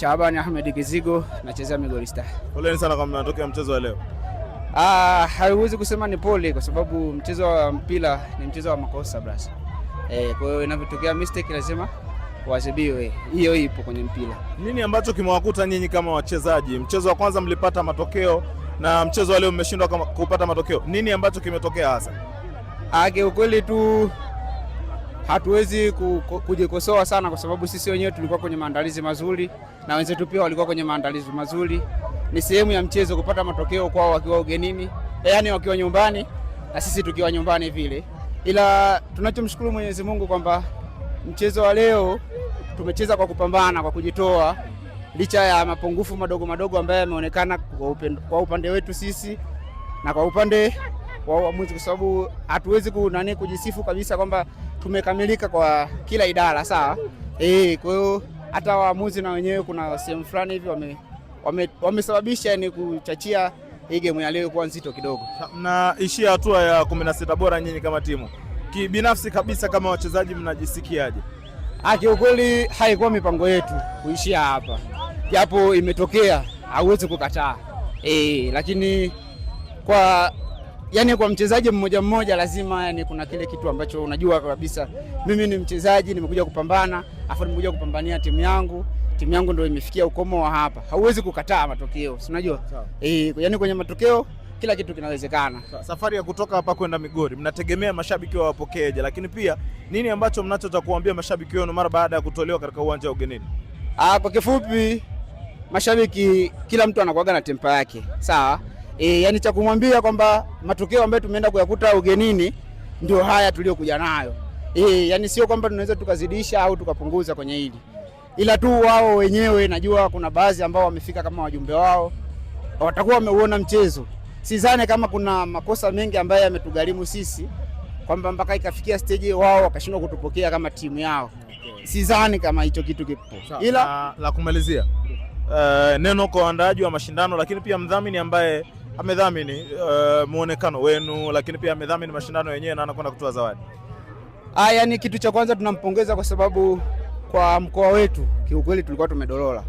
Shabani Ahmed Kizigo, nachezea Migori Star. Poleni sana kwa mnatokea mchezo wa leo. Ah, haiwezi kusema ni pole kwa sababu mchezo wa mpira ni mchezo wa makosa brasa. Eh, kwa hiyo inavyotokea mistake lazima wazibiwe. Hiyo ipo kwenye mpira. Nini ambacho kimewakuta nyinyi kama wachezaji? Mchezo wa kwanza mlipata matokeo na mchezo wa leo mmeshindwa kupata matokeo. Nini ambacho kimetokea hasa? Age ah, ukweli tu hatuwezi kujikosoa sana kwa sababu sisi wenyewe tulikuwa kwenye maandalizi mazuri na wenzetu pia walikuwa kwenye maandalizi mazuri. Ni sehemu ya mchezo kupata matokeo kwao wakiwa ugenini, yaani wakiwa nyumbani na sisi tukiwa nyumbani vile, ila tunachomshukuru Mwenyezi Mungu kwamba mchezo wa leo tumecheza kwa kupambana, kwa kujitoa, licha ya mapungufu madogo madogo ambayo yameonekana kwa upande wetu sisi na kwa upande wa waamuzi, kwa sababu hatuwezi kunani kujisifu kabisa kwamba tumekamilika kwa kila idara sawa. Eh, kwa hiyo hata waamuzi na wenyewe kuna sehemu fulani hivi wame wamesababisha wame ni kuchachia hii game ya leo kuwa nzito kidogo. Mnaishia hatua ya 16 bora nyinyi kama timu. Kibinafsi kabisa kama wachezaji mnajisikiaje? Ah, kiukweli haikuwa mipango yetu kuishia hapa, japo imetokea, hauwezi kukataa eh, lakini kwa yani kwa mchezaji mmoja mmoja lazima yani kuna kile kitu ambacho unajua kabisa, mimi ni mchezaji, nimekuja kupambana, afu nimekuja kupambania timu yangu timu yangu ndio imefikia ukomo wa hapa. Hauwezi kukataa matokeo, si unajua eh, yani kwenye matokeo kila kitu kinawezekana. Safari ya kutoka hapa kwenda Migori, mnategemea mashabiki wawapokeeje? Lakini pia nini ambacho mnachotaka kuambia mashabiki wenu mara baada ya kutolewa katika uwanja wa ugenini? Ah, kwa kifupi, mashabiki kila mtu anakuaga na tempa yake, sawa e, yani cha kumwambia kwamba matokeo ambayo tumeenda kuyakuta ugenini ndio haya tuliyokuja nayo Eh, yani sio kwamba tunaweza tukazidisha au tukapunguza kwenye hili, ila tu wao wenyewe, najua kuna baadhi ambao wamefika kama wajumbe wao, watakuwa wameuona mchezo. Sidhani kama kuna makosa mengi ambayo yametugharimu sisi kwamba mpaka ikafikia stage wao wakashindwa kutupokea kama timu yao. Sidhani kama hicho kitu kipo, ila la kumalizia uh, neno kwa waandaaji wa mashindano, lakini pia mdhamini ambaye amedhamini uh, muonekano wenu, lakini pia amedhamini mashindano yenyewe na anakwenda kutoa zawadi. Haya ah, ni kitu cha kwanza, tunampongeza kwa sababu kwa mkoa wetu kiukweli tulikuwa tumedorora,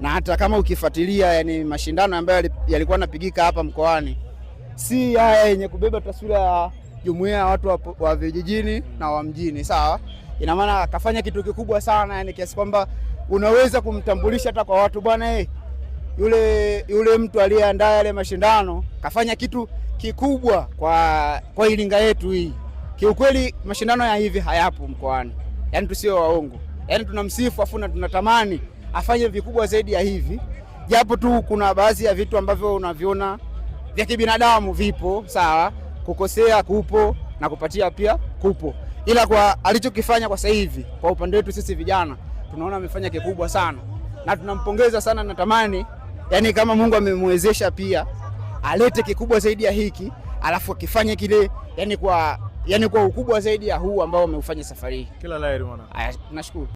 na hata kama ukifuatilia, yani mashindano ambayo yalikuwa yanapigika hapa mkoani si haya yenye kubeba taswira ya jumuiya ya watu wa, wa vijijini na wa mjini, sawa. Ina maana akafanya kitu kikubwa sana, yani kiasi kwamba unaweza kumtambulisha hata kwa watu bwana, eh yule, yule mtu aliyeandaa yale mashindano kafanya kitu kikubwa kwa, kwa Iringa yetu hii. Kiukweli mashindano ya hivi hayapo mkoani, yaani tusio waongo, yaani tunamsifu afu na tunatamani afanye vikubwa zaidi ya hivi, japo tu kuna baadhi ya vitu ambavyo unaviona vya kibinadamu vipo sawa, kukosea kupo na kupatia pia kupo, ila kwa alichokifanya kwa sasa hivi kwa upande wetu sisi vijana tunaona amefanya kikubwa sana na tunampongeza sana, natamani yani kama Mungu amemwezesha pia alete kikubwa zaidi ya hiki, alafu akifanye kile yani kwa, yani kwa ukubwa zaidi ya huu ambao ameufanya safari hii. Kila la heri mwana. Nashukuru.